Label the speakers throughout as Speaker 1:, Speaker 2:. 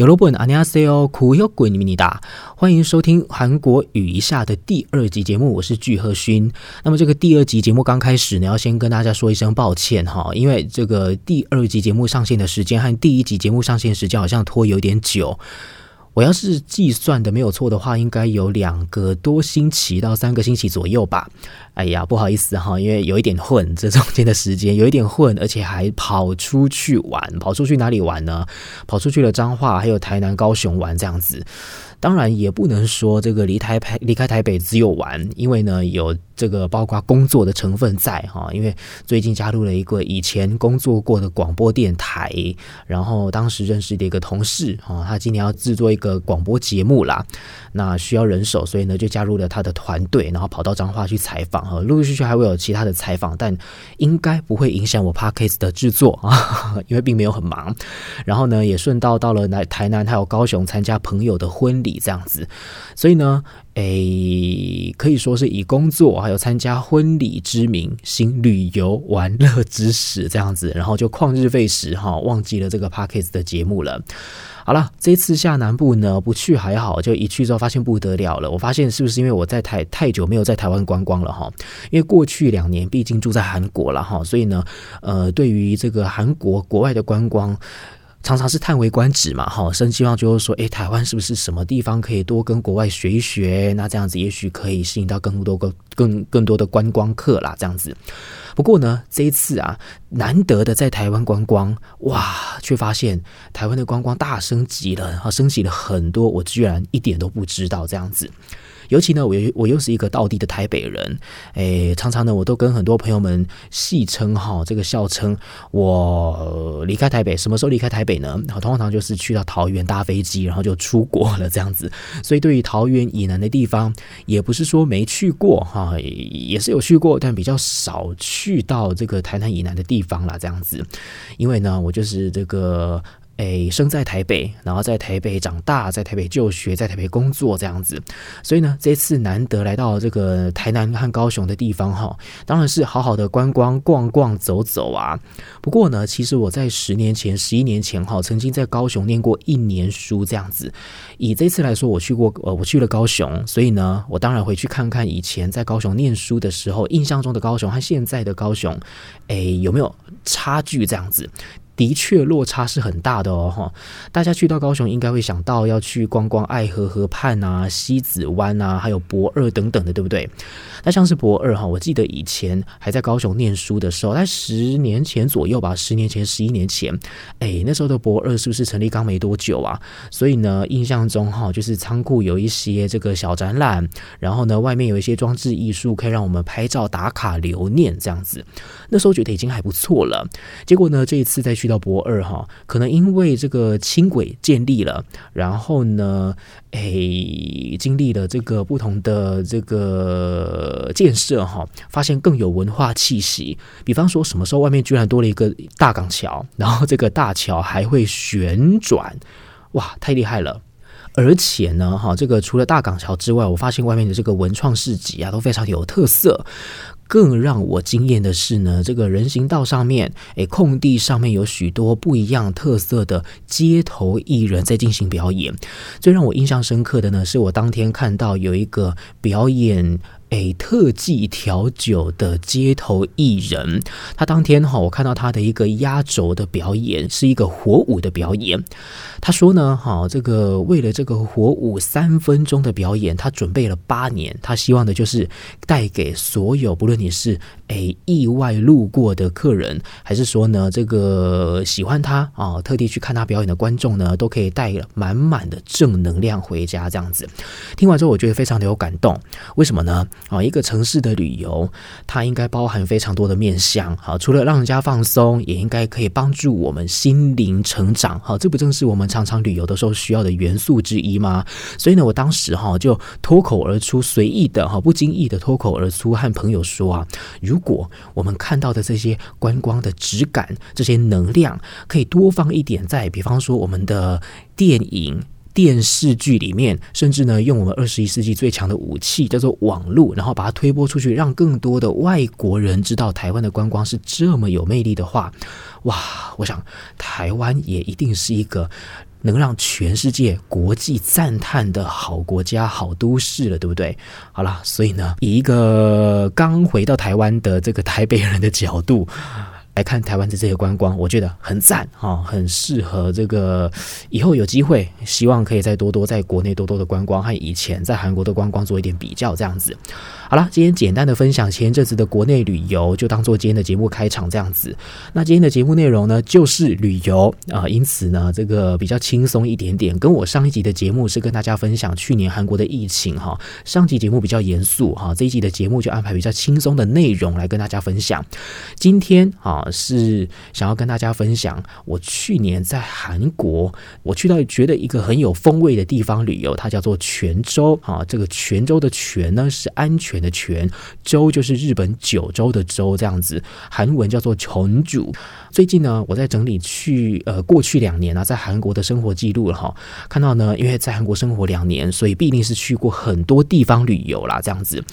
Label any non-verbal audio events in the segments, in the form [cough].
Speaker 1: 有羅本阿尼亞塞哦，庫有鬼你咪你大，歡迎收聽韓國語一下的第二集節目，我是巨赫勳。那麼這個第二集節目剛開始呢，要先跟大家說一聲抱歉哈，因為這個第二集節目上線的時間和第一集節目上線的時間好像拖有點久。我要是計算的沒有錯的話，應該有兩個多星期到三個星期左右吧。哎呀，不好意思哈，因為有一點混，這中間的時間，有一點混，而且還跑出去玩，跑出去哪裡玩呢？跑出去了彰化，還有台南、高雄玩這樣子。當然也不能說這個離台台離開台北只有玩，因為呢有這個包括工作的成分在哈。因為最近加入了一個以前工作過的廣播電台，然後當時認識的一個同事啊，他今年要制作一個廣播節目啦，那需要人手，所以呢就加入了他的團隊，然後跑到彰化去採訪啊，陸陸續續還會有其他的採訪，但應該不會影響我 Podcast 的制作啊，因為並沒有很忙。然後呢也順道到了來台南還有高雄參加朋友的婚禮。這樣子，所以呢，誒、欸，可以說是以工作還有參加婚禮之名，行旅遊玩樂之實，這樣子，然後就曠日費時哈、哦，忘記了這個 Podcast 的節目了。好了，這次下南部呢，不去還好，就一去之後發現不得了了。我發現是不是因為我在台太久沒有在台灣觀光了哈？因為過去兩年畢竟住在韓國了哈，所以呢，呃，對於這個韓國國外的觀光。常常是嘆為觀止嘛，好，甚至希望就是說，哎，台灣是不是什麼地方可以多跟國外學一學？那這樣子也許可以吸引到更多個更更多的觀光客啦，這樣子。不過呢，這一次啊，難得的在台灣觀光，哇，卻發現台灣的觀光大升級了，升級了很多，我居然一點都不知道這樣子。尤其呢，我我又是一個道地的台北人，誒，常常呢我都跟很多朋友們戲稱哈，這個笑稱我離開台北，什麼時候離開台北呢？好，通常就是去到桃園搭飛機，然後就出國了這樣子。所以對於桃園以南的地方，也不是說沒去過哈，也是有去過，但比較少去到這個台南以南的地方啦，這樣子。因為呢，我就是這個。欸，生在台北，然後在台北長大，在台北就學，在台北工作這樣子。所以呢，這次難得來到這個台南和高雄的地方哈，當然是好好的觀光、逛逛、走走啊。不過呢，其實我在十年前、十一年前哈，曾經在高雄念過一年書這樣子。以這次來說，我去過，呃，我去了高雄，所以呢，我當然回去看看以前在高雄念書的時候，印象中的高雄和現在的高雄，欸，有沒有差距這樣子？的確落差是很大的哦，哈！大家去到高雄應該會想到要去逛逛愛河河畔啊、西子灣啊，還有博二等等的，對不對？那像是博二哈，我記得以前還在高雄念書的時候，在十年前左右吧，十年前、十一年前，哎、欸，那時候的博二是不是成立剛沒多久啊？所以呢，印象中哈，就是倉庫有一些這個小展覽，然後呢，外面有一些裝置藝術，可以讓我們拍照打卡留念這樣子。那時候覺得已經還不錯了。結果呢，這一次再去。去到駁二哈，可能因為這個輕軌建立了，然後呢，誒、哎，經歷了這個不同的這個建設哈，發現更有文化氣息。比方說，什麼時候外面居然多了一個大港橋，然後這個大橋還會旋轉，哇，太厲害了！而且呢，哈，這個除了大港橋之外，我發現外面的這個文創市集啊都非常有特色。更讓我驚艷的是呢，這個人行道上面，哎、欸，空地上面有許多不一樣特色的街頭藝人，在進行表演。最讓我印象深刻的呢，是我當天看到有一個表演。誒，特技調酒的街頭藝人，他當天哈，我看到他的一個壓軸的表演，是一個火舞的表演。他說呢，哈，這個為了這個火舞三分鐘的表演，他準備了八年。他希望的就是帶給所有，不論你是誒意外路過的客人，還是說呢這個喜歡他啊，特地去看他表演的觀眾呢，都可以帶滿滿的正能量回家。這樣子，聽完之後我覺得非常的有感動，為什麼呢？啊，一個城市的旅遊，它應該包含非常多的面向。好，除了讓人家放鬆，也應該可以幫助我們心靈成長。好，這不正是我們常常旅遊的時候需要的元素之一嗎？所以呢，我當時哈就脫口而出，隨意的哈，不經意的脫口而出，和朋友說啊，如果我們看到的這些觀光的質感、這些能量，可以多放一點在，比方說我們的電影。電視劇裡面，甚至呢，用我們二十一世紀最強的武器叫做網絡，然後把它推播出去，讓更多的外國人知道台灣的觀光是這麼有魅力的話，哇！我想台灣也一定是一個能讓全世界國際讚嘆的好國家、好都市了，對不對？好啦，所以呢，以一個剛回到台灣的這個台北人的角度，來看台灣的這些觀光，我覺得很讚啊、哦，很適合這個，以後有機會，希望可以再多多在國內多多的觀光，和以前在韓國的觀光做一點比較，這樣子。好啦，今天簡單的分享前一陣子的國內旅遊，就當做今天的節目開場這樣子。那今天的節目內容呢，就是旅遊啊，因此呢，這個比較輕鬆一點點。跟我上一集的節目是跟大家分享去年韓國的疫情哈、啊，上集節目比較嚴肅哈、啊，這一集的節目就安排比較輕鬆的內容來跟大家分享。今天啊，是想要跟大家分享我去年在韓國，我去到覺得一個很有風味的地方旅遊，它叫做全州啊。這個全州的全呢，是安全的。的全州就是日本九州的州，這樣子，韓文叫做瓊主。最近呢，我在整理去呃過去兩年啊在韓國的生活記錄了哈，看到呢，因為在韓國生活兩年，所以必定是去過很多地方旅遊啦，這樣子，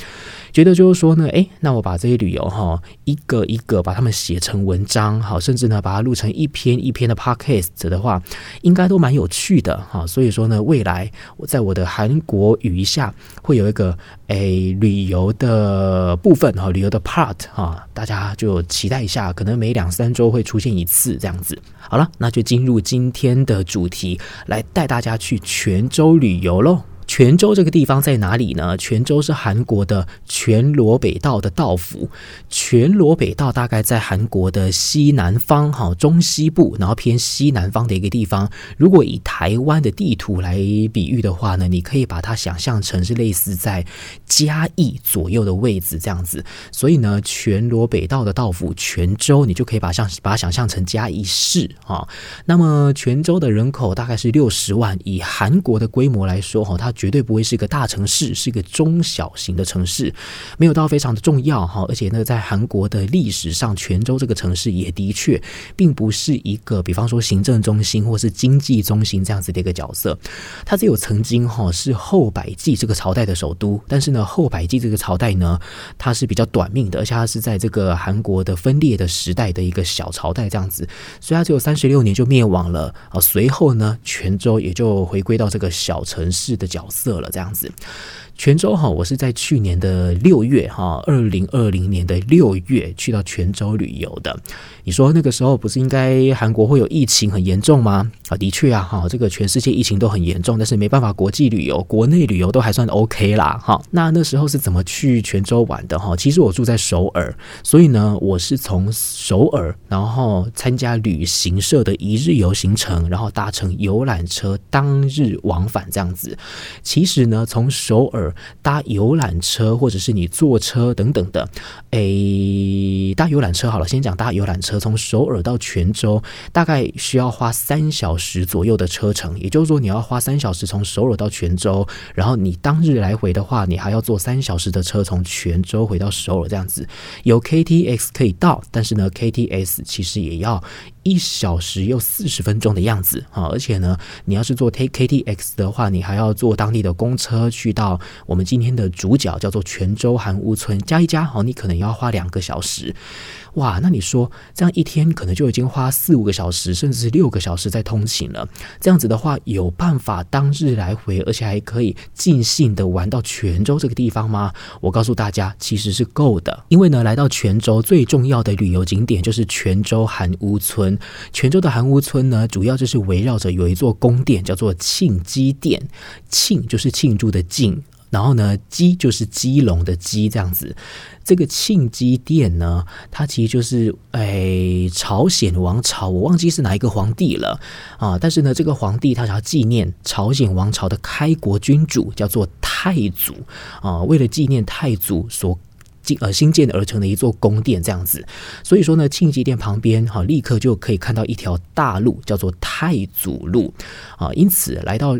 Speaker 1: 覺得就是說呢，哎、欸，那我把這些旅遊哈一個一個把它們寫成文章哈，甚至呢把它錄成一篇一篇的 podcast 的話，應該都蠻有趣的哈，所以說呢，未來我在我的韓國語一下會有一個哎、欸、旅遊的部分哈，旅遊的 part 哈，大家就期待一下，可能每兩三周會出。出現一次這樣子，好了，那就進入今天的主題，來帶大家去全州旅遊嘍。全州這個地方在哪裡呢？全州是韓國的全羅北道的道府，全羅北道大概在韓國的西南方，哈，中西部，然後偏西南方的一個地方。如果以台灣的地圖來比喻的話呢，你可以把它想象成是類似在。嘉義左右的位置這樣子，所以呢，全羅北道的道府全州，你就可以把像把它想象成嘉義市啊、哦。那麼全州的人口大概是六十萬，以韓國的規模來說哈、哦，它絕對不會是一個大城市，是一個中小型的城市，沒有到非常的重要哈、哦。而且呢，在韓國的歷史上，全州這個城市也的確並不是一個，比方說行政中心或是經濟中心這樣子的一個角色，它只有曾經哈、哦、是後百濟這個朝代的首都，但是呢。後百濟這個朝代呢，它是比較短命的，而且它是在這個韓國的分裂的時代的一個小朝代這樣子，所以它只有三十六年就滅亡了啊、哦。隨後呢，全州也就回歸到這個小城市的角色了，這樣子，全州哈、哦，我是在去年的六月哈，二零二零年的六月去到全州旅遊的。你說那個時候不是應該韓國會有疫情很嚴重嗎？啊、哦，的確啊，哈，這個全世界疫情都很嚴重，但是沒辦法，國際旅遊、國內旅遊都還算 OK 啦。哈、哦，那。那時候是怎麼去全州玩的哈？其實我住在首爾，所以呢，我是從首爾，然後參加旅行社的一日遊行程，然後搭乘遊覽車當日往返這樣子。其實呢，從首爾搭遊覽車，或者是你坐車等等的，誒、欸，搭遊覽車好了，先講搭遊覽車。從首爾到全州大概需要花三小時左右的車程，也就是說你要花三小時從首爾到全州，然後你當日來回的話，你還要。坐三小時的車從全州回到首爾，這樣子。有 KTX 可以到，但是呢，KTX 其實也要。一小時又四十分鐘的樣子啊！而且呢，你要是坐 Take KTX 的話，你還要坐當地的公車去到我們今天的主角，叫做全州韓屋村，加一加，好，你可能要花兩個小時。哇，那你說這樣一天可能就已經花四五個小時，甚至是六個小時在通勤了。這樣子的話，有辦法當日來回，而且還可以盡興的玩到全州這個地方嗎？我告訴大家，其實是夠的，因為呢，來到全州最重要的旅遊景點就是全州韓屋村。全州的韓屋村呢，主要就是圍繞着有一座宮殿，叫做慶基殿。慶就是慶祝的慶，然後呢，基就是基隆的基這樣子。這個慶基殿呢，它其實就是哎朝鮮王朝，我忘記是哪一個皇帝了啊。但是呢，這個皇帝他想要紀念朝鮮王朝的開國君主，叫做太祖啊。為了紀念太祖所。進，呃，新建而成的一座宮殿這樣子，所以說呢，慶基殿旁邊哈，立刻就可以看到一條大路，叫做太祖路啊。因此，來到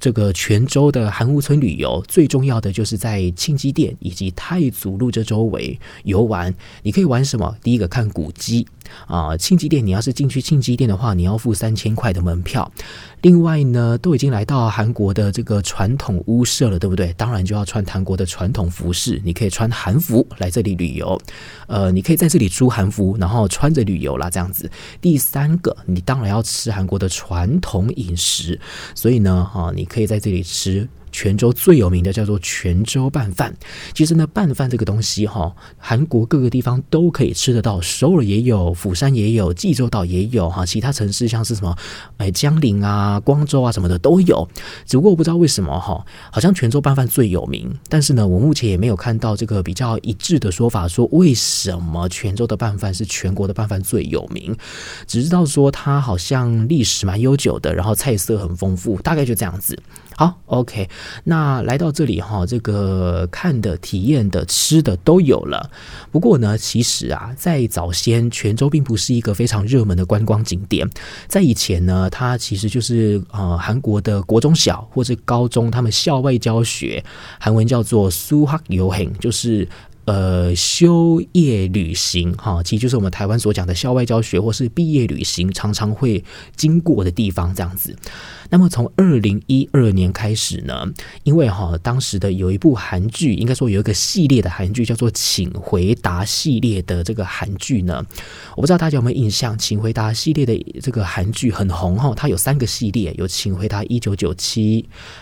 Speaker 1: 這個全州的韓屋村旅遊，最重要的就是在慶基殿以及太祖路這周圍遊玩。你可以玩什麼？第一個看古蹟。啊，慶基殿，你要是進去慶基殿的話，你要付三千塊的門票。另外呢，都已經來到韓國的這個傳統屋舍了，對不對？當然就要穿韓國的傳統服飾，你可以穿韓服來這裡旅遊。呃，你可以在這裡租韓服，然後穿着旅遊啦，這樣子。第三個，你當然要吃韓國的傳統飲食，所以呢，啊，你可以在這裡吃。全州最有名的叫做全州拌飯。其實呢，拌飯這個東西哈，韓國各個地方都可以吃得到，首爾也有，釜山也有，濟州島也有哈，其他城市像是什麼欸，江陵啊、光州啊什麼的都有。只不過我不知道為什麼哈，好像全州拌飯最有名。但是呢，我目前也沒有看到這個比較一致的說法，說，為什麼全州的拌飯是全國的拌飯最有名。只知道說它好像歷史蠻悠久的，然後菜色很豐富，大概就這樣子。好，OK，那來到這裡哈、哦，這個看的、體驗的、吃的都有了。不過呢，其實啊，在早先全州並不是一個非常熱門的觀光景點。在以前呢，它其實就是呃韓國的國中小或者高中，他們校外教學，韓文叫做수학여행，就是。呃，修業旅行哈，其實就是我們台灣所講的校外教學或是畢業旅行，常常會經過的地方這樣子。那麼從二零一二年開始呢，因為哈，當時的有一部韓劇，應該說有一個系列的韓劇，叫做《請回答》系列的這個韓劇呢，我不知道大家有沒有印象，《請回答》系列的這個韓劇很紅哈，它有三個系列，有《請回答一九九七》，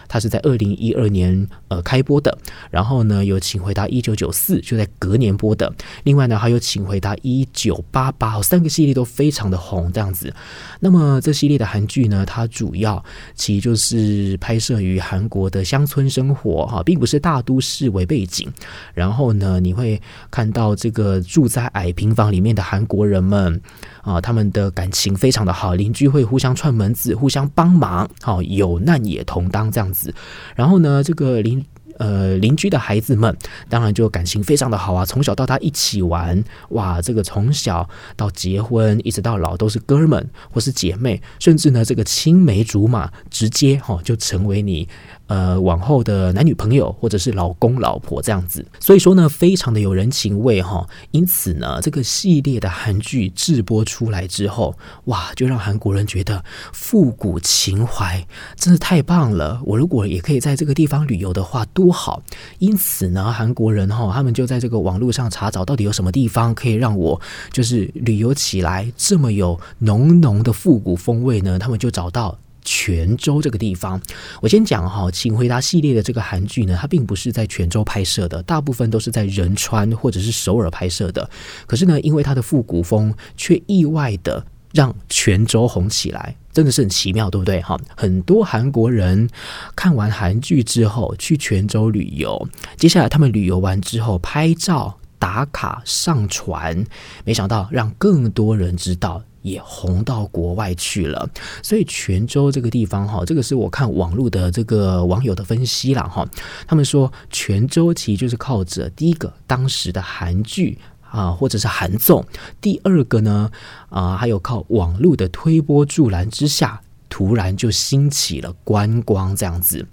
Speaker 1: 它是在二零一二年呃開播的，然後呢，有《請回答一九九四》。就在隔年播的。另外呢，還有《請回答一九八八》，三個系列都非常的紅，這樣子。那麼這系列的韓劇呢，它主要其實就是拍攝於韓國的鄉村生活，哈、哦，並不是大都市為背景。然後呢，你會看到這個住在矮平房裡面的韓國人們，啊、哦，他們的感情非常的好，鄰居會互相串門子，互相幫忙，好、哦，有難也同當，這樣子。然後呢，這個鄰呃，鄰居的孩子們當然就感情非常的好啊，從小到大一起玩，哇，這個從小到結婚一直到老都是哥們或是姐妹，甚至呢，這個青梅竹馬直接哈、哦、就成為你，呃，往後的男女朋友或者是老公老婆這樣子，所以說呢，非常的有人情味哈、哦，因此呢，這個系列的韓劇製播出來之後，哇，就讓韓國人覺得復古情懷真的太棒了，我如果也可以在這個地方旅遊的話，多不好，因此呢，韓國人哈、哦，他們就在這個網絡上查找到底有什麼地方可以讓我就是旅遊起來這麼有濃濃的復古風味呢？他們就找到全州這個地方。我先講哈、哦，請回答系列的這個韓劇呢，它並不是在全州拍攝的，大部分都是在仁川或者是首爾拍攝的。可是呢，因為它的復古風，卻意外的讓全州紅起來。真的是很奇妙，對不對？哈，很多韓國人看完韓劇之後去全州旅遊，接下來他們旅遊完之後拍照打卡上傳，沒想到讓更多人知道，也紅到國外去了。所以全州這個地方，哈，這個是我看網絡的這個網友的分析了，哈，他們說全州其實就是靠着第一個當時的韓劇。啊，或者是韓綜。第二個呢，啊，還有靠網路的推波助瀾之下，突然就興起了觀光這樣子。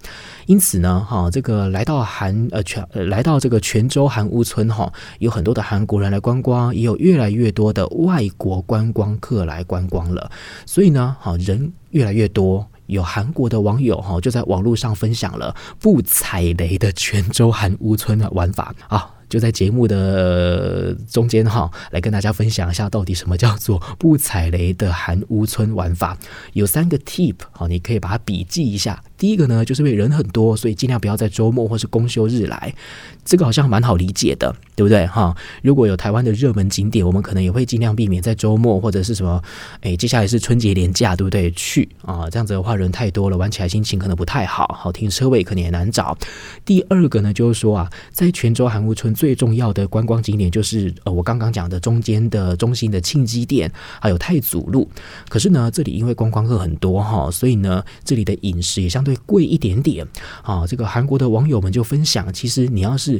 Speaker 1: 因此呢，哈、啊，這個來到韓呃全，來到這個全州韓屋村哈、啊，有很多的韓國人來觀光，也有越來越多的外國觀光客來觀光了。所以呢，哈、啊，人越來越多，有韓國的網友哈、啊、就在網絡上分享了不踩雷的全州韓屋村的玩法啊。就在節目的中間哈，來跟大家分享一下到底什麼叫做不踩雷的韓屋村玩法。有三個 tip 哈，你可以把它筆記一下。第一個呢，就是因為人很多，所以盡量不要在周末或是公休日來。這個好像蠻好理解的，對不對哈？如果有台灣的熱門景點，我們可能也會盡量避免在周末或者是什麼。哎，接下來是春節年假，對不對？去啊，這樣子的話人太多了，玩起來心情可能不太好，好，停車位可能也難找。第二個呢，就是說啊，在全州韓屋村。最重要的觀光景點就是呃，我剛剛講的中間的中心的慶基殿，還有太祖路。可是呢，這裡因為觀光客很多哈，所以呢，這裡的飲食也相對貴一點點。啊，這個韓國的網友們就分享，其實你要是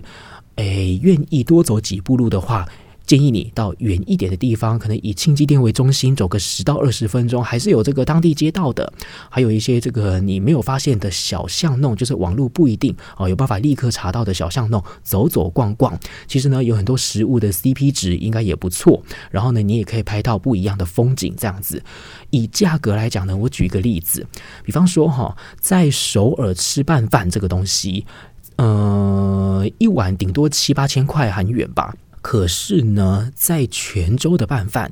Speaker 1: 哎、欸、願意多走幾步路的話。建議你到遠一點的地方，可能以慶基殿為中心走個十到二十分鐘，還是有這個當地街道的，還有一些這個你沒有發現的小巷弄，就是網絡不一定哦，有辦法立刻查到的小巷弄，走走逛逛，其實呢，有很多食物的 CP 值應該也不錯。然後呢，你也可以拍到不一樣的風景，這樣子。以價格來講呢，我舉一個例子，比方說哈、哦，在首爾吃拌飯這個東西，呃，一碗頂多七八千塊韓元吧。可是呢，在全州的拌飯，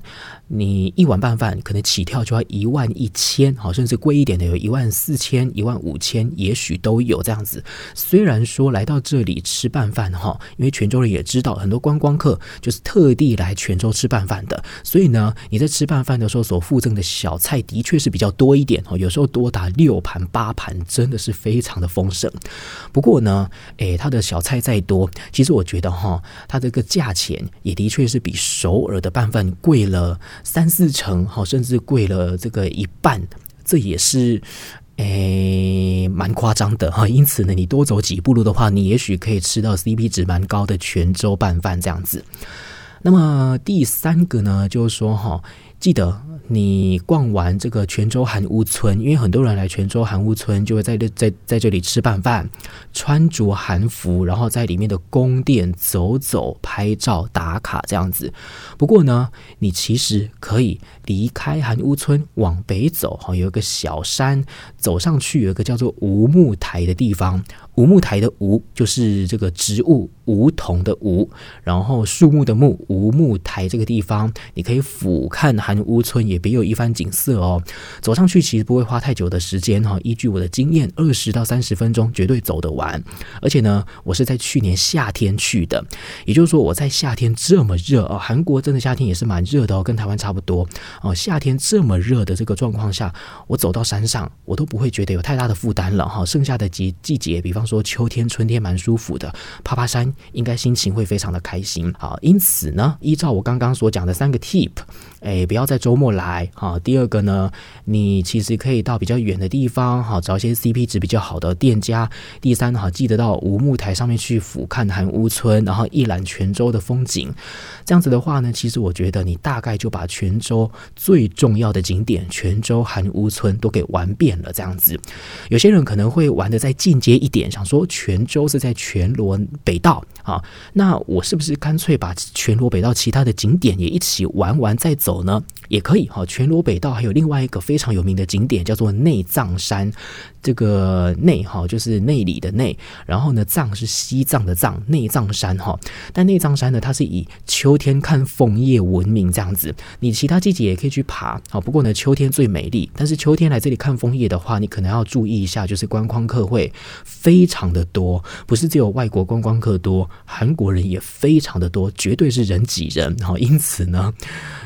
Speaker 1: 你一碗拌飯可能起跳就要一萬一千，好，甚至貴一點的有一萬四千、一萬五千，也許都有這樣子。雖然說來到這裡吃拌飯哈，因為全州人也知道很多觀光客就是特地來全州吃拌飯的，所以呢，你在吃拌飯的時候所附贈的小菜的確是比較多一點哦，有時候多達六盤八盤，真的是非常的豐盛。不過呢，誒，它的小菜再多，其實我覺得哈，它的這個價錢。錢也的確是比首爾的拌飯貴了三四成，哈，甚至貴了這個一半，這也是誒蠻誇張的哈。因此呢，你多走幾步路的話，你也許可以吃到 CP 值蠻高的全州拌飯這樣子。那麼第三個呢，就是說哈，記得。你逛完這個全州韓屋村，因為很多人來全州韓屋村就，就會在在在這裡吃拌飯，飯，穿着韓服，然後在裡面的宮殿走走、拍照、打卡這樣子。不過呢，你其實可以離開韓屋村往北走，哈，有一個小山，走上去有一個叫做梧木台的地方。梧木台的梧就是這個植物梧桐的梧，然後樹木的木，梧木台這個地方，你可以俯瞰韓屋村，也別有一番景色哦。走上去其實不會花太久的時間哈、哦，依據我的經驗，二十到三十分鐘絕對走得完。而且呢，我是在去年夏天去的，也就是說我在夏天這麼熱哦，韓國真的夏天也是蠻熱的哦，跟台灣差不多哦。夏天這麼熱的這個狀況下，我走到山上我都不會覺得有太大的負擔了哈、哦。剩下的季季節，比方說。說秋天、春天蠻舒服的，爬爬山應該心情會非常的開心。好，因此呢，依照我剛剛所講的三個 tip。誒、哎，不要在周末來哈。第二個呢，你其實可以到比較遠的地方哈，找一些 CP 值比較好的店家。第三哈，記得到梧木臺上面去俯瞰韓屋村，然後一覽全州的風景。這樣子的話呢，其實我覺得你大概就把全州最重要的景點全州韓屋村都給玩遍了。這樣子，有些人可能會玩得再進階一點，想說全州是在全羅北道。那我是不是乾脆把全羅北道其他的景點也一起玩完再走呢？也可以哈。全羅北道還有另外一個非常有名的景點叫做內藏山，這個內哈就是內裡的內，然後呢，藏是西藏的藏，內藏山哈。但內藏山呢，它是以秋天看楓葉聞名，這樣子。你其他季節也可以去爬，好，不過呢，秋天最美麗。但是秋天來這裡看楓葉的話，你可能要注意一下，就是觀光客會非常的多，不是只有外國觀光客多。韓國人也非常的多，絕對是人擠人，然後因此呢，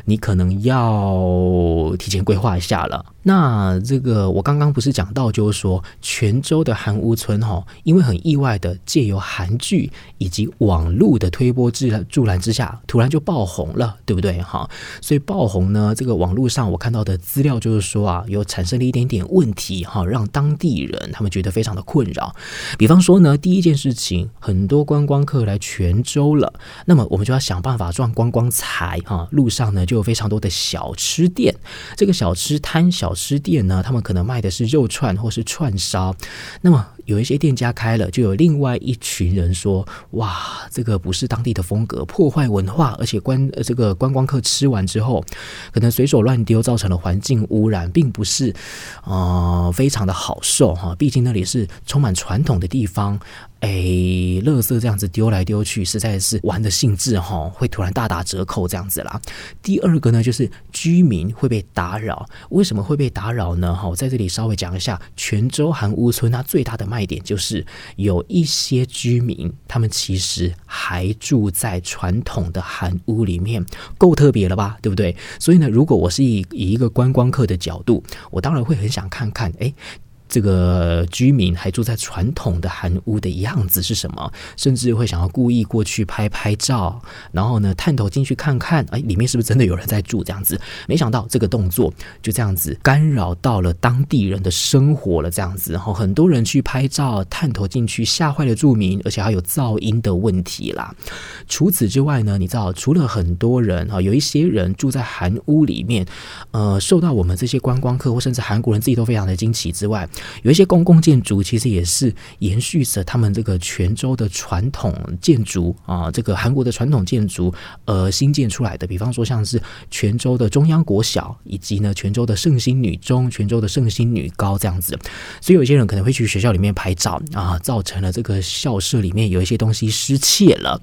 Speaker 1: 你可能要提前規劃一下了。那這個我剛剛不是講到，就是說全州的韓屋村哈，因為很意外的借由韓劇以及網絡的推波助助瀾之下，突然就爆紅了，對不對哈？所以爆紅呢，這個網絡上我看到的資料就是說啊，有產生了一點點問題哈，讓當地人他們覺得非常的困擾。比方說呢，第一件事情，很多觀光客來全州了，那麼我們就要想辦法賺觀光財哈。路上呢就有非常多的小吃店，這個小吃攤小。小吃店呢，他們可能賣的是肉串或是串燒，那麼。有一些店家開了，就有另外一群人說：“哇，這個不是當地的風格，破壞文化，而且觀呃這個觀光客吃完之後，可能隨手亂丟，造成了環境污染，並不是啊、呃、非常的好受哈。畢竟那裡是充滿傳統的地方，哎，垃圾這樣子丟來丟去，實在是玩的興致哈會突然大打折扣這樣子啦。第二個呢，就是居民會被打擾。為什麼會被打擾呢？哈，我在這裡稍微講一下全州韓屋村、啊，它最大的。賣點就是有一些居民，他們其實還住在傳統的韓屋裡面，夠特別了吧？對不對？所以呢，如果我是以以一個觀光客的角度，我當然會很想看看，哎。這個居民還住在傳統的韓屋的樣子是什麼？甚至會想要故意過去拍拍照，然後呢，探頭進去看看，哎，裡面是不是真的有人在住？這樣子，沒想到這個動作就這樣子干擾到了當地人的生活了。這樣子，然後很多人去拍照、探頭進去，嚇壞了住民，而且還有噪音的問題啦。除此之外呢，你知道，除了很多人啊，有一些人住在韓屋裡面，呃，受到我們這些觀光客或甚至韓國人自己都非常的驚奇之外。有一些公共建築其實也是延續着他們這個全州的傳統建築啊，這個韓國的傳統建築而新建出來的。比方說像是全州的中央國小以及呢全州的聖心女中、全州的聖心女高這樣子。所以有些人可能會去學校裡面拍照啊，造成了這個校舍裡面有一些東西失竊了。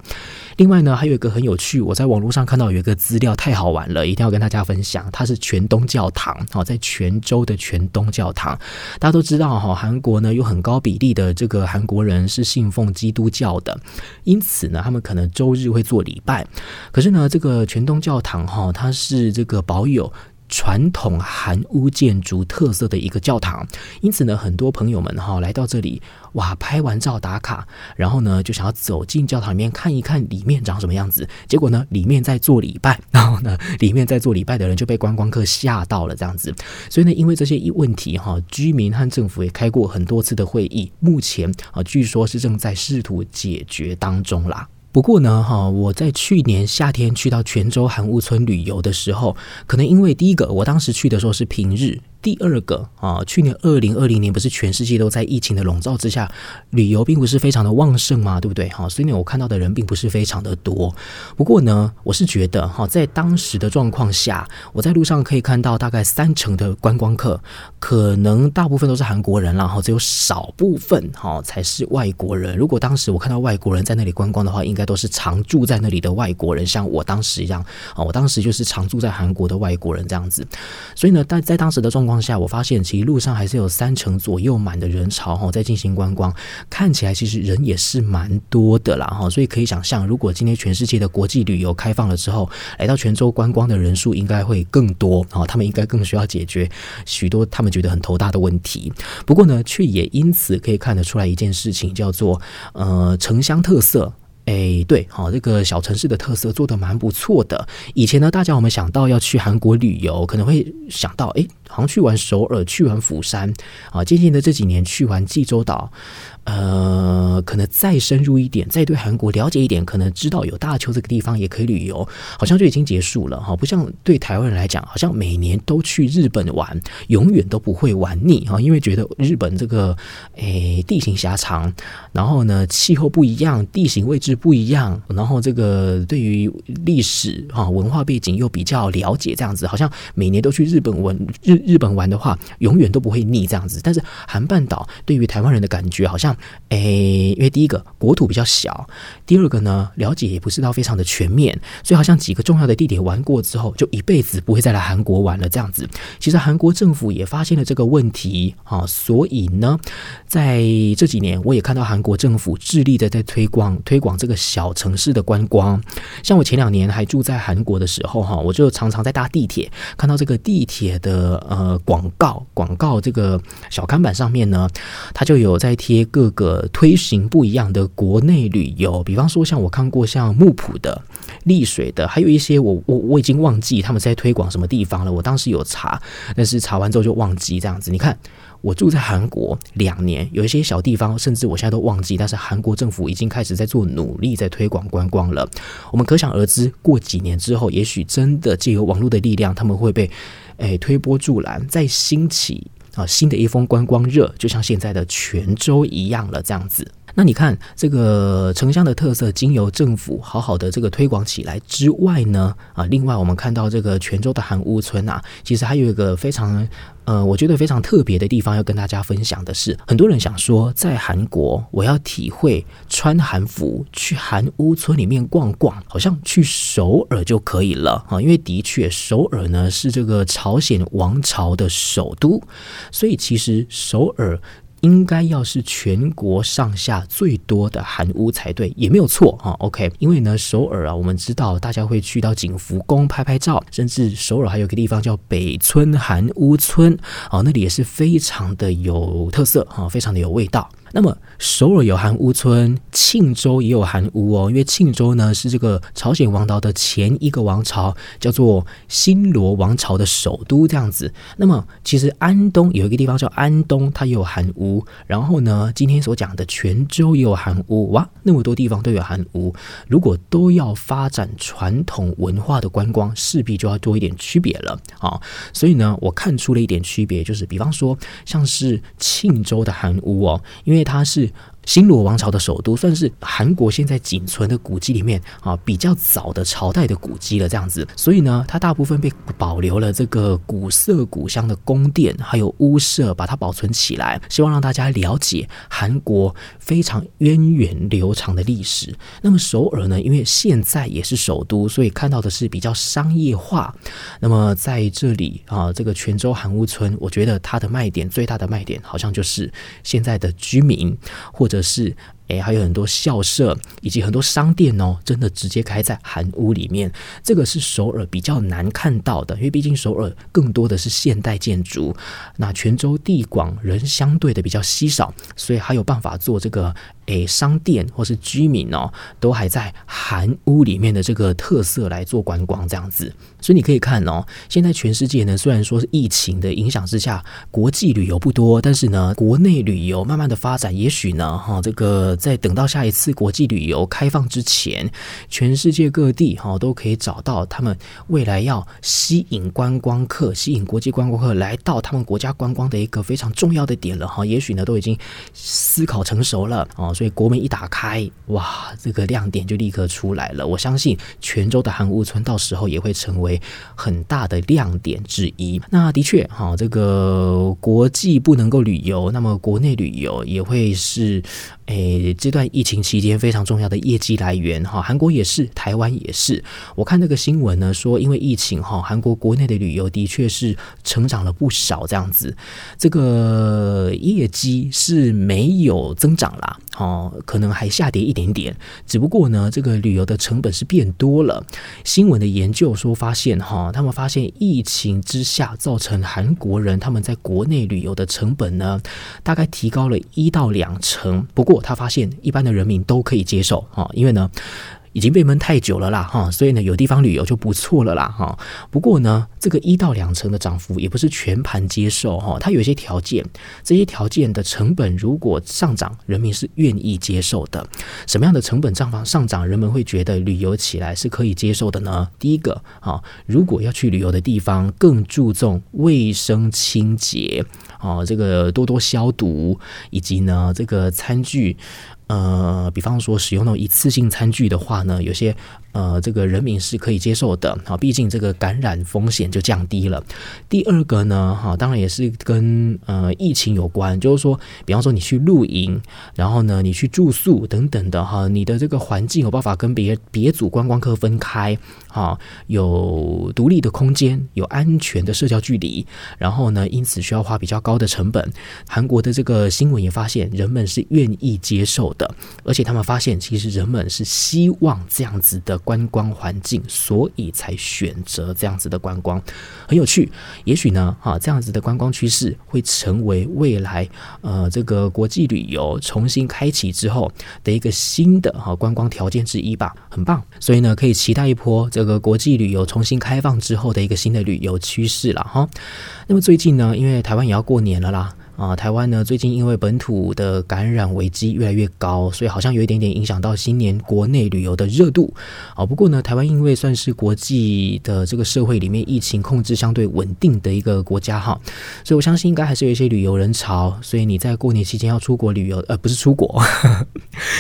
Speaker 1: 另外呢，還有一個很有趣，我在網絡上看到有一個資料太好玩了，一定要跟大家分享。它是全東教堂啊，在全州的全東教堂，大家都，知道哈，韓國呢有很高比例的這個韓國人是信奉基督教的，因此呢，他們可能周日會做禮拜。可是呢，這個全東教堂哈，它是這個保有。傳統韓屋建築特色的一個教堂，因此呢，很多朋友們哈、啊、來到這裡，哇，拍完照打卡，然後呢，就想要走進教堂裡面看一看裡面長什麼樣子。結果呢，裡面在做禮拜，然後呢，裡面在做禮拜的人就被觀光客嚇到了，這樣子。所以呢，因為這些一問題哈、啊，居民和政府也開過很多次的會議，目前啊，據說是正在試圖解決當中啦。不過呢，哈，我在去年夏天去到全州韓屋村旅遊的時候，可能因為第一個，我當時去的時候是平日。第二個啊，去年二零二零年不是全世界都在疫情的籠罩之下，旅遊並不是非常的旺盛嘛，對不對？哈，所以呢，我看到的人並不是非常的多。不過呢，我是覺得哈，在當時的狀況下，我在路上可以看到大概三成的觀光客，可能大部分都是韓國人啦，然後只有少部分哈才是外國人。如果當時我看到外國人在那裡觀光的話，應該都是常住在那裡的外國人，像我當時一樣啊，我當時就是常住在韓國的外國人這樣子。所以呢，但在當時的狀況。況下，我發現其實路上還是有三成左右滿的人潮，哦、在進行觀光，看起來其實人也是蠻多的啦，哦、所以可以想象，如果今天全世界的國際旅遊開放了之後，來到全州觀光的人數應該會更多，然，哦、他們應該更需要解決許多他們覺得很頭大的問題。不過呢，卻也因此可以看得出來一件事情，叫做呃城鄉特色。哎，hey, 對，好，哦，這個小城市的特色做得蠻不錯的。以前呢，大家我們想到要去韓國旅遊，可能會想到，哎，好像去玩首爾，去玩釜山，啊，漸漸的這幾年去玩濟州島。呃，可能再深入一點，再對韓國了解一點，可能知道有大邱這個地方也可以旅遊，好像就已經結束了哈。不像對台灣人來講，好像每年都去日本玩，永遠都不會玩膩哈，因為覺得日本這個誒、哎、地形狹長，然後呢，氣候不一樣，地形位置不一樣，然後這個對於歷史哈文化背景又比較了解，這樣子好像每年都去日本玩日、日本玩的話，永遠都不會膩這樣子。但是韓半島對於台灣人的感覺，好像。哎，因為第一個國土比較小，第二個呢，了解也不是到非常的全面，所以好像幾個重要的地點玩過之後，就一輩子不會再來韓國玩了這樣子。其實韓國政府也發現了這個問題啊，所以呢，在這幾年我也看到韓國政府致力的在推廣推廣這個小城市的觀光。像我前兩年還住在韓國的時候，哈、啊，我就常常在搭地鐵，看到這個地鐵的呃廣告廣告這個小看板上面呢，它就有在貼各。各個推行不一樣的國內旅遊，比方說像我看過像木浦的、麗水的，還有一些我我我已經忘記他們在推廣什麼地方了。我當時有查，但是查完之後就忘記這樣子。你看，我住在韓國兩年，有一些小地方，甚至我現在都忘記。但是韓國政府已經開始在做努力，在推廣觀光了。我們可想而知，過幾年之後，也許真的借由網絡的力量，他們會被誒、哎、推波助瀾，再興起，啊，新的一封觀光熱，就像現在的全州一樣了，這樣子。那你看這個城鄉的特色，經由政府好好的這個推廣起來之外呢，啊，另外我們看到這個全州的韓屋村啊，其實還有一個非常，呃，我覺得非常特別的地方要跟大家分享的是，很多人想說，在韓國我要體會穿韓服去韓屋村裡面逛逛，好像去首爾就可以了啊，因為的確首爾呢是這個朝鮮王朝的首都，所以其實首爾。應該要是全國上下最多的韓屋才對，也沒有錯啊。OK，因為呢，首爾啊，我們知道大家會去到景福宮拍拍照，甚至首爾還有一個地方叫北村韓屋村啊，那裡也是非常的有特色啊，非常的有味道。那麼首爾有韓屋村，慶州也有韓屋哦，因為慶州呢是這個朝鮮王朝的前一個王朝叫做新羅王朝的首都這樣子。那麼其實安東有一個地方叫安東，它也有韓屋。然後呢，今天所講的全州也有韓屋，哇，那麼多地方都有韓屋。如果都要發展傳統文化的觀光，勢必就要多一點區別了啊。所以呢，我看出了一點區別，就是比方說像是慶州的韓屋哦，因為因為他是。新羅王朝的首都，算是韓國現在僅存的古蹟裡面啊，比較早的朝代的古蹟了，這樣子，所以呢，它大部分被保留了這個古色古香的宮殿，還有屋舍，把它保存起來，希望讓大家了解韓國非常源遠流長的歷史。那麼首爾呢，因為現在也是首都，所以看到的是比較商業化。那麼在這裡啊，這個全州韓屋村，我覺得它的賣點，最大的賣點，好像就是現在的居民或者。則是。誒，還有很多校舍以及很多商店哦，真的直接開在韓屋裡面。這個是首爾比較難看到的，因為畢竟首爾更多的是現代建築。那全州地廣，人相對的比較稀少，所以還有辦法做這個誒、哎，商店或是居民哦，都還在韓屋裡面的這個特色來做觀光這樣子。所以你可以看哦，現在全世界呢，雖然說是疫情的影響之下，國際旅遊不多，但是呢，國內旅遊慢慢的發展，也許呢，哈這個。在等到下一次國際旅遊開放之前，全世界各地哈都可以找到他們未來要吸引觀光客、吸引國際觀光客來到他們國家觀光的一個非常重要的點了哈。也許呢都已經思考成熟了啊，所以國門一打開，哇，這個亮點就立刻出來了。我相信全州的韓屋村到時候也會成為很大的亮點之一。那的確哈，這個國際不能夠旅遊，那麼國內旅遊也會是誒。欸這段疫情期間非常重要的業績來源哈，韓國也是，台灣也是。我看那個新聞呢，說因為疫情哈，韓國國內的旅遊的確是成長了不少這樣子，這個業績是沒有增長啦，哦，可能還下跌一點點。只不過呢，這個旅遊的成本是變多了。新聞的研究說，發現哈、哦，他們發現疫情之下造成韓國人他們在國內旅遊的成本呢，大概提高了一到兩成。不過他發。縣一般的人民都可以接受哈，因為呢已經被悶太久了啦哈，所以呢有地方旅遊就不錯了啦哈。不過呢，這個一到兩成的漲幅也不是全盤接受哈，它有一些條件，這些條件的成本如果上漲，人民是願意接受的。什麼樣的成本賬房上漲，人們會覺得旅遊起來是可以接受的呢？第一個啊，如果要去旅遊的地方更注重衛生清潔。啊、哦，這個多多消毒，以及呢，這個餐具，呃，比方說使用那種一次性餐具的話呢，有些。呃，這個人民是可以接受的，哈，畢竟這個感染風險就降低了。第二個呢，哈，當然也是跟呃疫情有關，就是說，比方說你去露營，然後呢你去住宿等等的，哈，你的這個環境有辦法跟別別組觀光客分開，哈，有獨立的空間，有安全的社交距離，然後呢，因此需要花比較高的成本。韓國的這個新聞也發現，人們是願意接受的，而且他們發現其實人們是希望這樣子的。觀光環境，所以才選擇這樣子的觀光，很有趣。也許呢，哈，這樣子的觀光趨勢會成為未來呃這個國際旅遊重新開啟之後的一個新的哈觀光條件之一吧，很棒。所以呢，可以期待一波這個國際旅遊重新開放之後的一個新的旅遊趨勢了哈。那麼最近呢，因為台灣也要過年了啦。啊，台灣呢，最近因為本土的感染危機越來越高，所以好像有一點點影響到新年國內旅遊的熱度。啊，不過呢，台灣因為算是國際的這個社會裡面疫情控制相對穩定的一個國家哈，所以我相信應該還是有一些旅遊人潮。所以你在過年期間要出國旅遊，呃，不是出國，呵呵，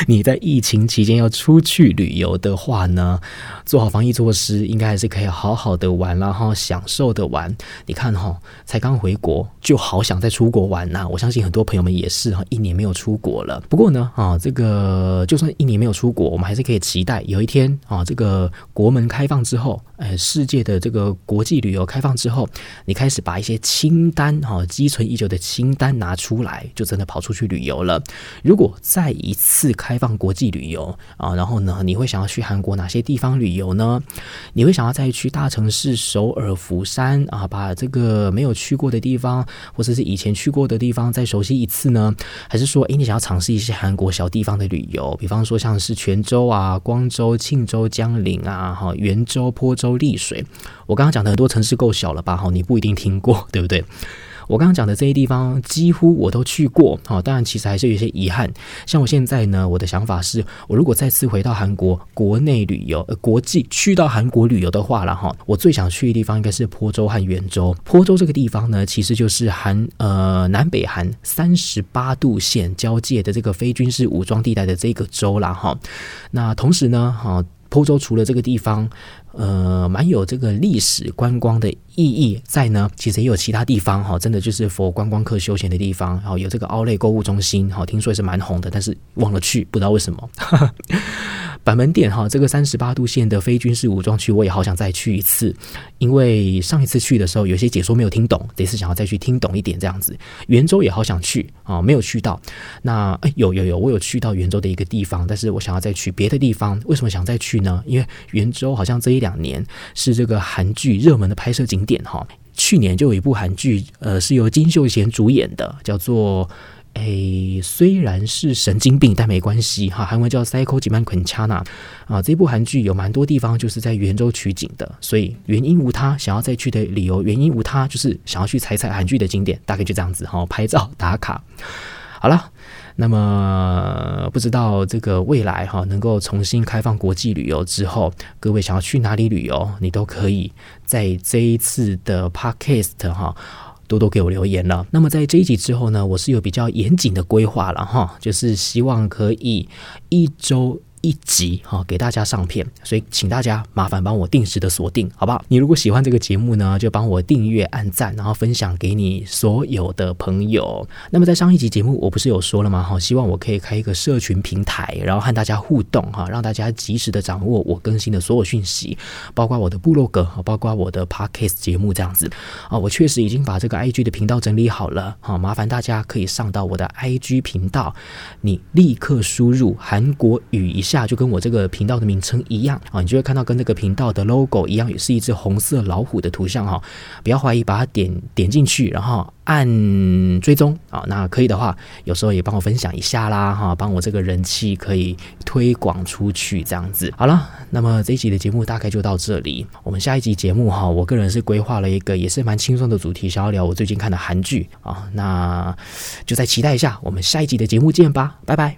Speaker 1: 你在疫情期間要出去旅遊的話呢，做好防疫措施，應該還是可以好好的玩啦，然後享受的玩。你看哈，才剛回國，就好想再出國玩。那我相信很多朋友們也是哈，一年沒有出國了。不過呢，啊，這個就算一年沒有出國，我們還是可以期待有一天啊，這個國門開放之後，呃，世界的這個國際旅遊開放之後，你開始把一些清單哈，積存已久的清單拿出來，就真的跑出去旅遊了。如果再一次開放國際旅遊啊，然後呢，你會想要去韓國哪些地方旅遊呢？你會想要再去大城市首爾、釜山啊，把這個沒有去過的地方，或者是，是以前去過。的地方再熟悉一次呢，還是說，哎、欸，你想要嘗試一些韓國小地方的旅遊？比方說，像是全州啊、光州、慶州、江陵啊、哈、原州、坡州、麗水，我剛剛講的很多城市夠小了吧？哈，你不一定聽過，對不對？我剛剛講的這些地方，幾乎我都去過。當然其實還是有些遺憾。像我現在呢，我的想法是我如果再次回到韓國國內旅遊，呃、國際去到韓國旅遊的話了哈，我最想去的地方應該是坡州和原州。坡州這個地方呢，其實就是韓呃南北韓三十八度線交界的這個非軍事武裝地帶的這個州了哈。那同時呢，哈坡州除了這個地方。呃，蠻有這個歷史觀光的意義在呢。其實也有其他地方哈、哦，真的就是佛觀光客休閒的地方，然、哦、後有這個 outlet 購物中心，好、哦，聽說也是蠻紅的，但是忘了去，不知道為什麼。 [laughs] 板門店哈，這個三十八度線的非軍事武裝區，我也好想再去一次，因為上一次去的時候有些解說沒有聽懂，得是想要再去聽懂一點這樣子。原州也好想去啊、哦，沒有去到。那、欸、有有有，我有去到原州的一個地方，但是我想要再去別的地方。為什麼想再去呢？因為原州好像這一兩年是這個韓劇熱門的拍攝景點哈、哦。去年就有一部韓劇，呃，是由金秀賢主演的，叫做。哎，雖然是神經病，但沒關係哈。韓文叫《Psycho Jiman Gwaenchana》啊，這部韓劇有蠻多地方就是在全州取景的，所以原因無他，想要再去的理由原因無他，就是想要去踩踩韓劇的景點，大概就這樣子哈，拍照打卡。好了，那麼不知道這個未來哈，能夠重新開放國際旅遊之後，各位想要去哪裡旅遊，你都可以在這一次的 Podcast 哈。多多給我留言了。那麼在這一集之後呢，我是有比較嚴謹的規劃了哈，就是希望可以一周。一集哈給大家上片，所以請大家麻煩幫我定時的鎖定，好不好？你如果喜歡這個節目呢，就幫我訂閱、按讚，然後分享給你所有的朋友。那麼在上一集節目，我不是有說了嗎？哈，希望我可以開一個社群平台，然後和大家互動哈，讓大家及時的掌握我更新的所有訊息，包括我的部落格，哈，包括我的 Podcast 節目這樣子啊。我確實已經把這個 IG 的頻道整理好了，哈，麻煩大家可以上到我的 IG 頻道，你立刻輸入韓國語一下。下就跟我這個頻道的名稱一樣啊，你就會看到跟這個頻道的 logo 一樣，也是一隻紅色老虎的圖像哈。不要懷疑，把它點點進去，然後按追蹤啊。那可以的話，有時候也幫我分享一下啦哈，幫我這個人氣可以推廣出去這樣子。好了，那麼這一集的節目大概就到這裡，我們下一集節目哈，我個人是規劃了一個也是蠻輕鬆的主題，想要聊我最近看的韓劇啊，那就再期待一下，我們下一集的節目見吧，拜拜。